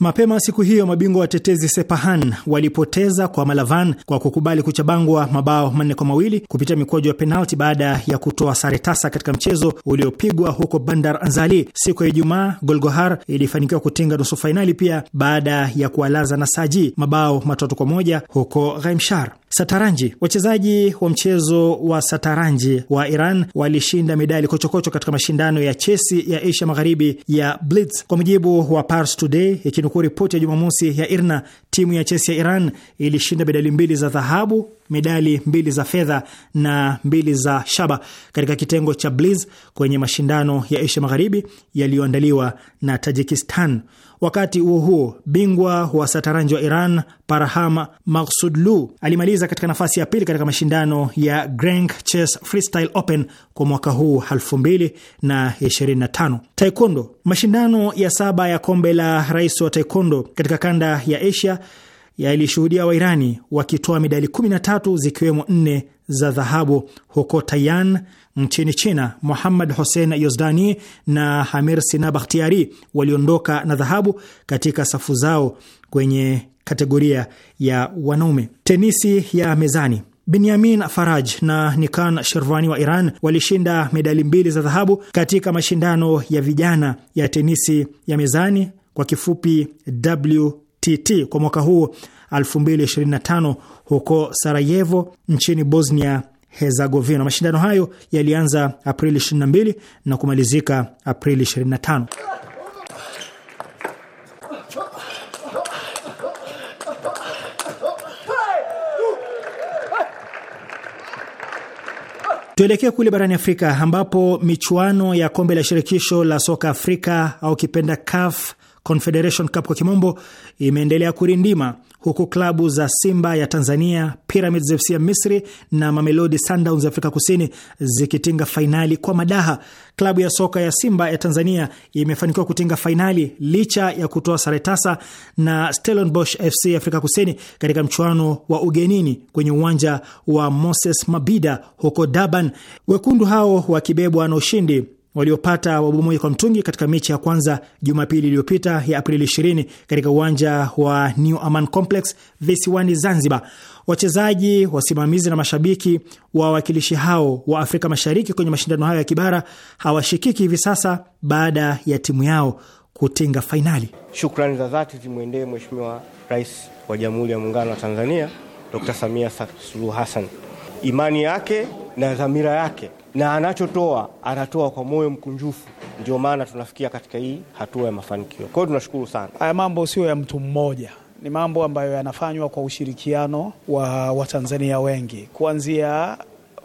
Mapema siku hiyo mabingwa watetezi Sepahan walipoteza kwa Malavan kwa kukubali kuchabangwa mabao manne kwa mawili kupitia mikwaju ya penalti baada ya kutoa sare tasa katika mchezo uliopigwa huko Bandar Anzali siku ya Ijumaa. Golgohar ilifanikiwa kutinga nusu fainali pia baada ya kuwalaza na Saji mabao matatu kwa moja huko Ghaimshar. Sataranji. Wachezaji wa mchezo wa sataranji wa Iran walishinda medali kochokocho katika mashindano ya chesi ya Asia Magharibi ya Blitz. Kwa mujibu wa Pars Today, ikinukuu ripoti ya Jumamosi ya IRNA, timu ya chesi ya Iran ilishinda medali mbili za dhahabu medali mbili za fedha na mbili za shaba katika kitengo cha bliz kwenye mashindano ya Asia Magharibi yaliyoandaliwa na Tajikistan. Wakati huo huo, bingwa wa sataranji wa Iran Parham lu alimaliza katika nafasi ya pili katika mashindano ya Grand Chess Freestyle Open kwa mwaka huu 2025. Taekwondo, mashindano ya saba ya kombe la rais wa taekwondo katika kanda ya Asia yalishuhudia Wairani wakitoa medali 13 zikiwemo nne za dhahabu huko Tayan nchini China. Muhammad hosen Yozdani na Hamir Sina Bakhtiari waliondoka na dhahabu katika safu zao kwenye kategoria ya wanaume. Tenisi ya mezani Binyamin Faraj na Nikan Shervani wa Iran walishinda medali mbili za dhahabu katika mashindano ya vijana ya tenisi ya mezani kwa kifupi w TT kwa mwaka huu 2025 huko Sarajevo nchini Bosnia Herzegovina. Mashindano hayo yalianza Aprili 22 na kumalizika Aprili 25. Tuelekee kule barani Afrika ambapo michuano ya kombe la shirikisho la soka Afrika au kipenda CAF Confederation Cup kwa kimombo imeendelea kurindima huku klabu za Simba ya Tanzania, Pyramids FC ya Misri na Mamelodi Sundowns Afrika Kusini zikitinga fainali kwa madaha. Klabu ya soka ya Simba ya Tanzania imefanikiwa kutinga fainali licha ya kutoa sare tasa na Stellenbosch FC Afrika Kusini katika mchuano wa ugenini kwenye uwanja wa Moses Mabida huko Durban, wekundu hao wakibebwa na ushindi waliopata moja kwa mtungi katika mechi ya kwanza Jumapili iliyopita ya Aprili 20 katika uwanja wa New Aman Complex visiwani Zanzibar. Wachezaji, wasimamizi na mashabiki wa wawakilishi hao wa Afrika Mashariki kwenye mashindano hayo ya kibara hawashikiki hivi sasa baada ya timu yao kutinga fainali. Shukrani za dhati zimwendee Mheshimiwa Rais wa Jamhuri ya Muungano wa Tanzania Dr. Samia Suluhu Hassan, imani yake na dhamira yake na anachotoa anatoa kwa moyo mkunjufu. Ndio maana tunafikia katika hii hatua ya mafanikio. Kwa hiyo tunashukuru sana. Haya mambo sio ya mtu mmoja, ni mambo ambayo yanafanywa kwa ushirikiano wa Watanzania wengi, kuanzia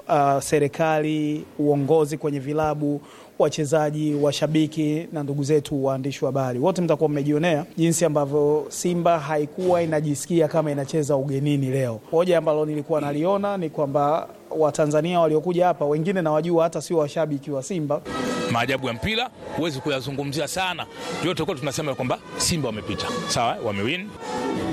uh, serikali, uongozi kwenye vilabu wachezaji, washabiki na ndugu zetu waandishi wa habari wote, mtakuwa mmejionea jinsi ambavyo Simba haikuwa inajisikia kama inacheza ugenini leo. Moja ambalo nilikuwa naliona ni kwamba Watanzania waliokuja hapa wengine nawajua, hata sio washabiki wa Simba. Maajabu ya mpira huwezi kuyazungumzia sana, ndio tulikuwa tunasema kwamba Simba wamepita, sawa, wamewin,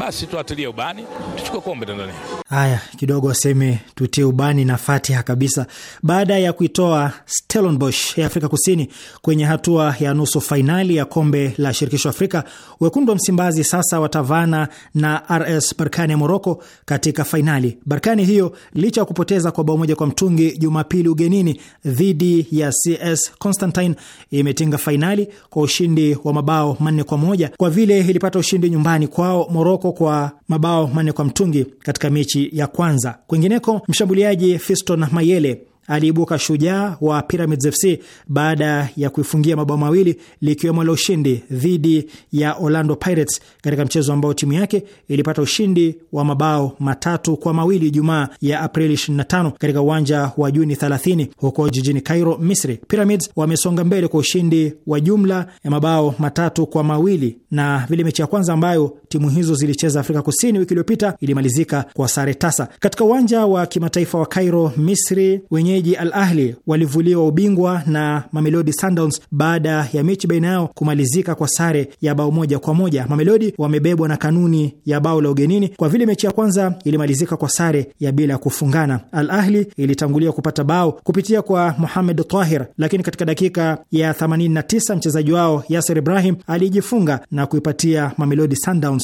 basi tuatilie ubani, tuchukue kombe Tanzania. Haya, kidogo waseme tutie ubani na Fatiha kabisa, baada ya kuitoa Stellenbosch ya Afrika Kusini kwenye hatua ya nusu fainali ya kombe la shirikisho Afrika. Wekundu wa Msimbazi sasa watavana na RS Barkani ya Moroko katika fainali. Barkani hiyo licha ya kupoteza kwa kwa bao moja kwa mtungi Jumapili ugenini dhidi ya CS Constantine imetinga fainali kwa ushindi wa mabao manne kwa moja kwa vile ilipata ushindi nyumbani kwao Moroko kwa mabao manne kwa mtungi katika mechi ya kwanza. Kwingineko, mshambuliaji Fiston Mayele aliibuka shujaa wa Pyramids FC baada ya kuifungia mabao mawili likiwemo la ushindi dhidi ya Orlando Pirates katika mchezo ambao timu yake ilipata ushindi wa mabao matatu kwa mawili Ijumaa ya Aprili 25 katika uwanja wa Juni 30 huko jijini Cairo, Misri. Pyramids wamesonga mbele kwa ushindi wa jumla ya mabao matatu kwa mawili na vile mechi ya kwanza ambayo timu hizo zilicheza Afrika Kusini wiki iliyopita ilimalizika kwa sare tasa. Katika uwanja wa kimataifa wa Cairo, Misri, wenyeji Al Ahli walivuliwa ubingwa na Mamelodi Sundowns baada ya mechi baina yao kumalizika kwa sare ya bao moja kwa moja. Mamelodi wamebebwa na kanuni ya bao la ugenini kwa vile mechi ya kwanza ilimalizika kwa sare ya bila kufungana. Al Ahli ilitangulia kupata bao kupitia kwa muhamed Tahir, lakini katika dakika ya 89 mchezaji wao yaser Ibrahim alijifunga na kuipatia Mamelodi Sundowns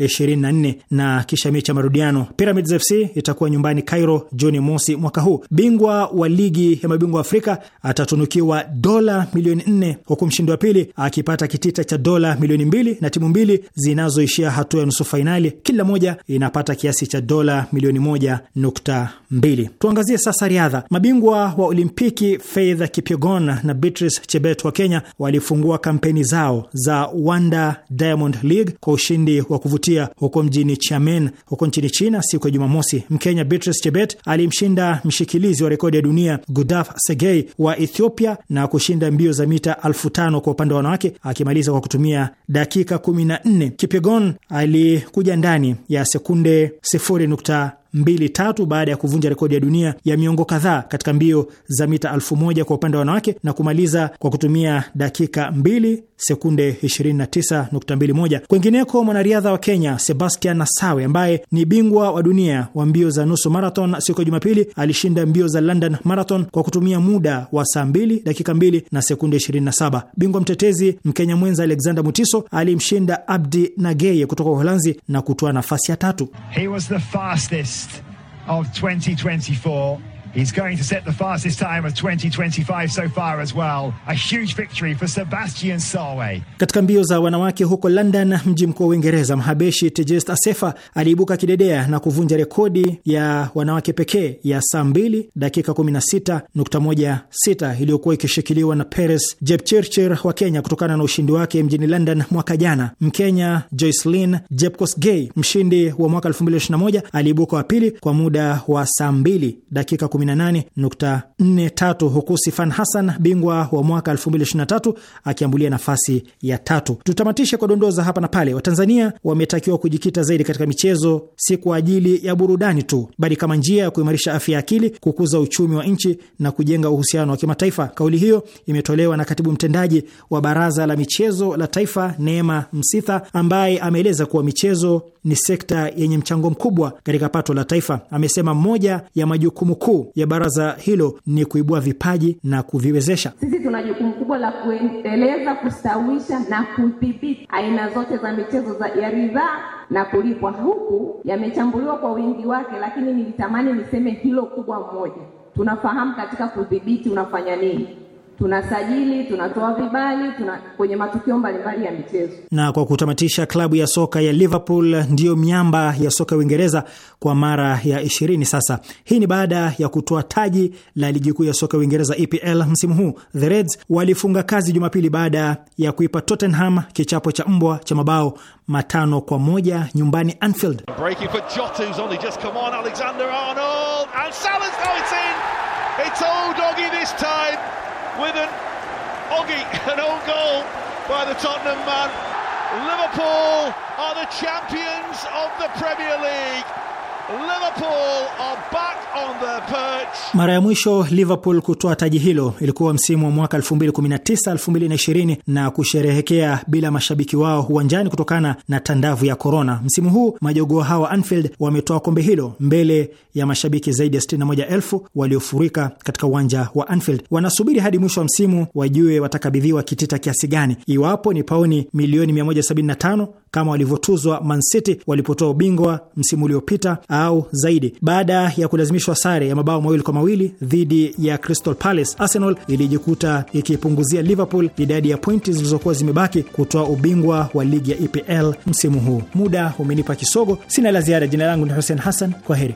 24 na kisha mechi ya marudiano Pyramids FC itakuwa nyumbani Cairo Juni mosi mwaka huu. Bingwa wa ligi ya mabingwa Afrika atatunukiwa dola milioni 4 huku mshindi wa pili akipata kitita cha dola milioni mbili na timu mbili zinazoishia hatua ya nusu fainali kila moja inapata kiasi cha dola milioni moja nukta mbili. Tuangazie sasa riadha. Mabingwa wa Olimpiki Faith Kipyegon na Beatrice Chebet wa Kenya walifungua kampeni zao za Wanda Diamond League kwa ushindi wa kuvutia kuvutia huko mjini Chamen huko nchini China siku ya Jumamosi. Mkenya Beatrice Chebet alimshinda mshikilizi wa rekodi ya dunia Gudaf Segei wa Ethiopia na kushinda mbio za mita elfu tano kwa upande wa wanawake akimaliza kwa kutumia dakika 14. kipegon alikuja ndani ya sekunde nukta mbili tatu baada ya kuvunja rekodi ya dunia ya miongo kadhaa katika mbio za mita moja kwa upande wa wanawake na kumaliza kwa kutumia dakika 2 sekunde 29.21. Kwengineko, mwanariadha wa Kenya Sebastian Nasawe ambaye ni bingwa wa dunia wa mbio za nusu marathon siku ya Jumapili alishinda mbio za London Marathon kwa kutumia muda wa saa 2 dakika 2 na sekunde 27. Bingwa mtetezi Mkenya mwenza Alexander Mutiso alimshinda Abdi Nageye kutoka Uholanzi na kutoa nafasi ya tatu. He was the fastest of 2024 He's going to set the fastest time of 2025 so far as well. A huge victory for Sebastian Solway. Katika mbio za wanawake huko London, mji mkuu wa Uingereza, Mhabeshi Tigist asefa aliibuka kidedea na kuvunja rekodi ya wanawake pekee ya saa 2 dakika 16.16 iliyokuwa ikishikiliwa na Peres Jepchirchir wa Kenya kutokana na ushindi wake mjini London mwaka jana. Mkenya Joycelyn Jepkosgei, mshindi wa mwaka 2021, aliibuka wa pili kwa muda wa saa 2 dakika 18.43 huku Sifan Hassan bingwa wa mwaka 2023 akiambulia nafasi ya tatu. Tutamatishe kwa dondoza hapa na pale. Watanzania wametakiwa kujikita zaidi katika michezo, si kwa ajili ya burudani tu, bali kama njia ya kuimarisha afya ya akili, kukuza uchumi wa nchi na kujenga uhusiano wa kimataifa. Kauli hiyo imetolewa na katibu mtendaji wa Baraza la Michezo la Taifa, Neema Msitha, ambaye ameeleza kuwa michezo ni sekta yenye mchango mkubwa katika pato la taifa. Amesema moja ya majukumu kuu ya baraza hilo ni kuibua vipaji na kuviwezesha. Sisi tuna jukumu kubwa la kuendeleza, kustawisha na kudhibiti aina zote za michezo za ya ridhaa na kulipwa, huku yamechambuliwa kwa wingi wake, lakini nilitamani niseme hilo kubwa mmoja Tunafahamu katika kudhibiti unafanya nini tunasajili tunatoa vibali tuna, kwenye matukio mbalimbali ya michezo. Na kwa kutamatisha, klabu ya soka ya Liverpool ndiyo miamba ya soka ya Uingereza kwa mara ya ishirini sasa. Hii ni baada ya kutoa taji la ligi kuu ya soka ya Uingereza EPL msimu huu. The Reds walifunga kazi Jumapili baada ya kuipa Tottenham kichapo cha mbwa cha mabao matano kwa moja nyumbani Anfield. with an Oggy, an own goal by the Tottenham man. Liverpool are the champions of the Premier League. Liverpool are back on the perch. Mara ya mwisho Liverpool kutoa taji hilo ilikuwa msimu wa mwaka 2019 2020, na kusherehekea bila mashabiki wao uwanjani kutokana na tandavu ya korona. Msimu huu majogoo hawa Anfield wametoa kombe hilo mbele ya mashabiki zaidi ya 61,000 waliofurika katika uwanja wa Anfield. Wanasubiri hadi mwisho wa msimu wajue watakabidhiwa kitita kiasi gani, iwapo ni pauni milioni 175 kama walivyotuzwa Man City walipotoa ubingwa msimu uliopita au zaidi. Baada ya kulazimishwa sare ya mabao mawili kwa mawili dhidi ya Crystal Palace, Arsenal ilijikuta ikipunguzia Liverpool idadi ya pointi zilizokuwa zimebaki kutoa ubingwa wa ligi ya EPL msimu huu. Muda umenipa kisogo, sina la ziada. Jina langu ni Hussein Hassan, kwa heri.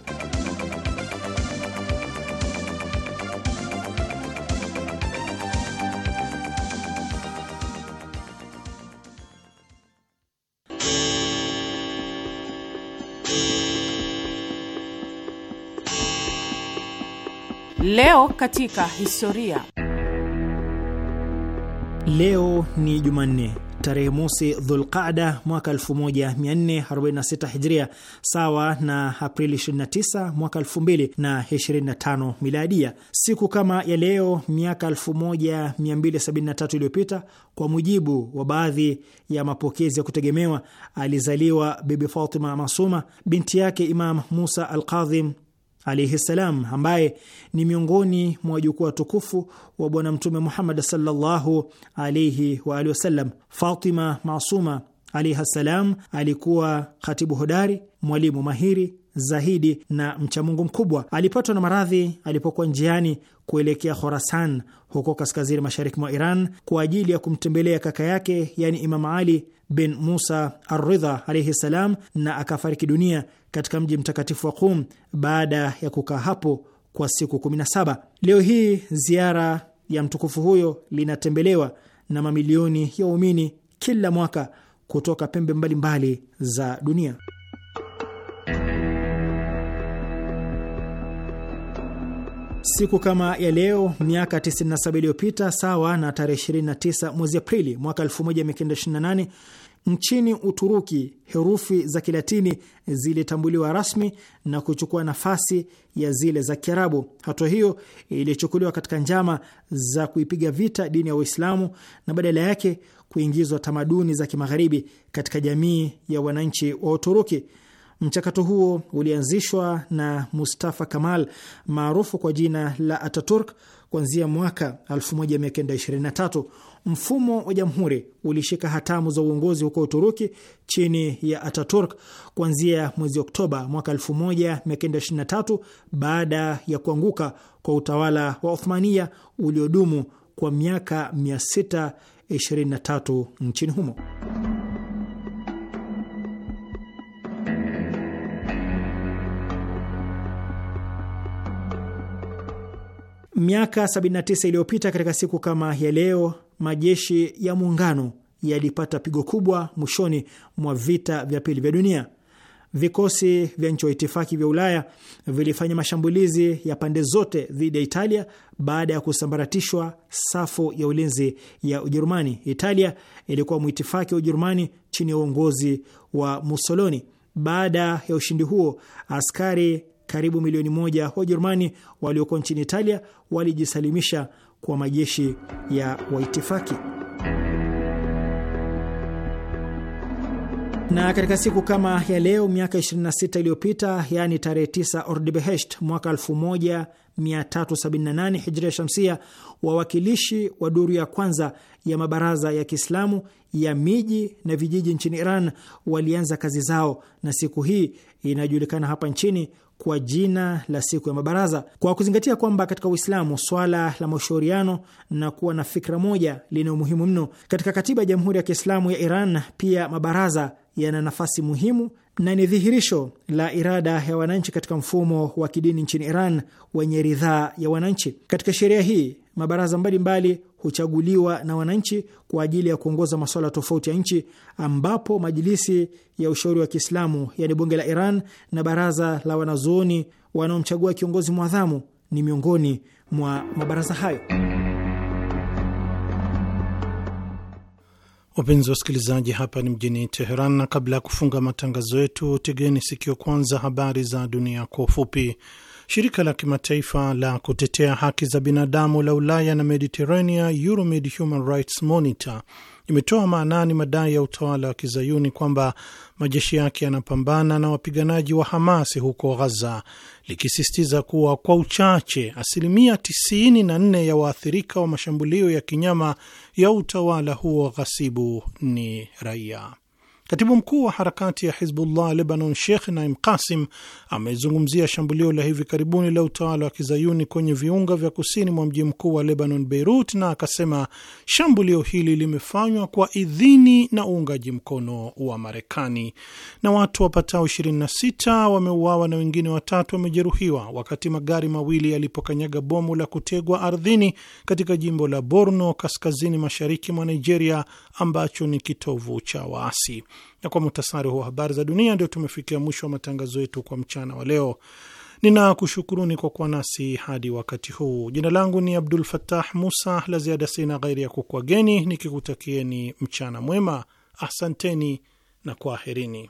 Leo katika historia. Leo ni Jumanne tarehe mosi Dhulqada mwaka 1446 Hijria, sawa na Aprili 29 mwaka 2025 Miladia. Siku kama ya leo miaka 1273 iliyopita, kwa mujibu wa baadhi ya mapokezi ya kutegemewa, alizaliwa Bibi Fatima Masuma, binti yake Imam Musa Alqadhim alaihi ssalam, ambaye ni miongoni mwa wajukuu watukufu wa Bwana Mtume Muhammad sallallahu alaihi wa alihi wasallam. Fatima Masuma alaihi ssalam alikuwa khatibu hodari, mwalimu mahiri zahidi na mchamungu mkubwa. Alipatwa na maradhi alipokuwa njiani kuelekea Khorasan huko kaskazini mashariki mwa Iran kwa ajili ya kumtembelea kaka yake, yani Imam Ali bin Musa Arridha alaihi ssalam, na akafariki dunia katika mji mtakatifu wa Qum baada ya kukaa hapo kwa siku 17. Leo hii ziara ya mtukufu huyo linatembelewa na mamilioni ya waumini kila mwaka kutoka pembe mbalimbali mbali za dunia. Siku kama ya leo miaka 97 iliyopita, sawa na tarehe 29 mwezi Aprili mwaka 1928, nchini Uturuki herufi za Kilatini zilitambuliwa rasmi na kuchukua nafasi ya zile za Kiarabu. Hatua hiyo ilichukuliwa katika njama za kuipiga vita dini ya Uislamu na badala yake kuingizwa tamaduni za Kimagharibi katika jamii ya wananchi wa Uturuki. Mchakato huo ulianzishwa na Mustafa Kamal maarufu kwa jina la Ataturk kuanzia mwaka 1923. Mfumo wa jamhuri ulishika hatamu za uongozi huko Uturuki chini ya Ataturk kuanzia mwezi Oktoba mwaka 1923 baada ya kuanguka kwa utawala wa Othmania uliodumu kwa miaka 623 nchini humo. Miaka 79 iliyopita katika siku kama ya leo, majeshi ya muungano yalipata pigo kubwa mwishoni mwa vita vya pili vya dunia. Vikosi vya nchi wa itifaki vya Ulaya vilifanya mashambulizi ya pande zote dhidi ya Italia baada ya kusambaratishwa safu ya ulinzi ya Ujerumani. Italia ilikuwa mwitifaki wa Ujerumani chini ya uongozi wa Mussolini. Baada ya ushindi huo, askari karibu milioni moja Wajerumani walioko nchini Italia walijisalimisha kwa majeshi ya waitifaki. Na katika siku kama ya leo miaka 26 iliyopita, yaani tarehe 9 Ordibehesht mwaka 1378 Hijria Shamsia, wawakilishi wa duru ya kwanza ya mabaraza ya Kiislamu ya miji na vijiji nchini Iran walianza kazi zao, na siku hii inajulikana hapa nchini kwa jina la siku ya mabaraza, kwa kuzingatia kwamba katika Uislamu swala la mashauriano na kuwa na fikra moja lina umuhimu mno. Katika katiba ya Jamhuri ya Kiislamu ya Iran pia mabaraza yana nafasi muhimu na ni dhihirisho la irada ya wananchi katika mfumo wa kidini nchini Iran wenye ridhaa ya wananchi. Katika sheria hii mabaraza mbalimbali huchaguliwa na wananchi kwa ajili ya kuongoza masuala tofauti ya nchi, ambapo majilisi ya ushauri wa Kiislamu, yaani bunge la Iran, na baraza la wanazuoni wanaomchagua kiongozi mwadhamu ni miongoni mwa mabaraza hayo. Wapenzi wasikilizaji, hapa ni mjini Teheran, na kabla ya kufunga matangazo yetu, tegeni sikio kwanza habari za dunia kwa ufupi. Shirika la kimataifa la kutetea haki za binadamu la Ulaya na Mediterranea, EuroMed Human Rights Monitor, imetoa maanani madai ya utawala wa kizayuni kwamba majeshi yake yanapambana na wapiganaji wa Hamasi huko Ghaza, likisisitiza kuwa kwa uchache asilimia 94 ya waathirika wa mashambulio ya kinyama ya utawala huo ghasibu ni raia. Katibu mkuu wa harakati ya Hizbullah Lebanon, Sheikh Naim Qasim amezungumzia shambulio la hivi karibuni la utawala wa kizayuni kwenye viunga vya kusini mwa mji mkuu wa Lebanon, Beirut, na akasema shambulio hili limefanywa kwa idhini na uungaji mkono wa Marekani. Na watu wapatao 26 wameuawa na wengine watatu wamejeruhiwa wakati magari mawili yalipokanyaga bomu la kutegwa ardhini katika jimbo la Borno, kaskazini mashariki mwa Nigeria, ambacho ni kitovu cha waasi. Na kwa muhtasari wa habari za dunia, ndio tumefikia mwisho wa matangazo yetu kwa mchana wa leo. Ninakushukuruni kwa kuwa nasi hadi wakati huu. Jina langu ni Abdul Fattah Musa. La ziada sina ghairi ya kukwageni nikikutakieni mchana mwema. Asanteni na kwaherini.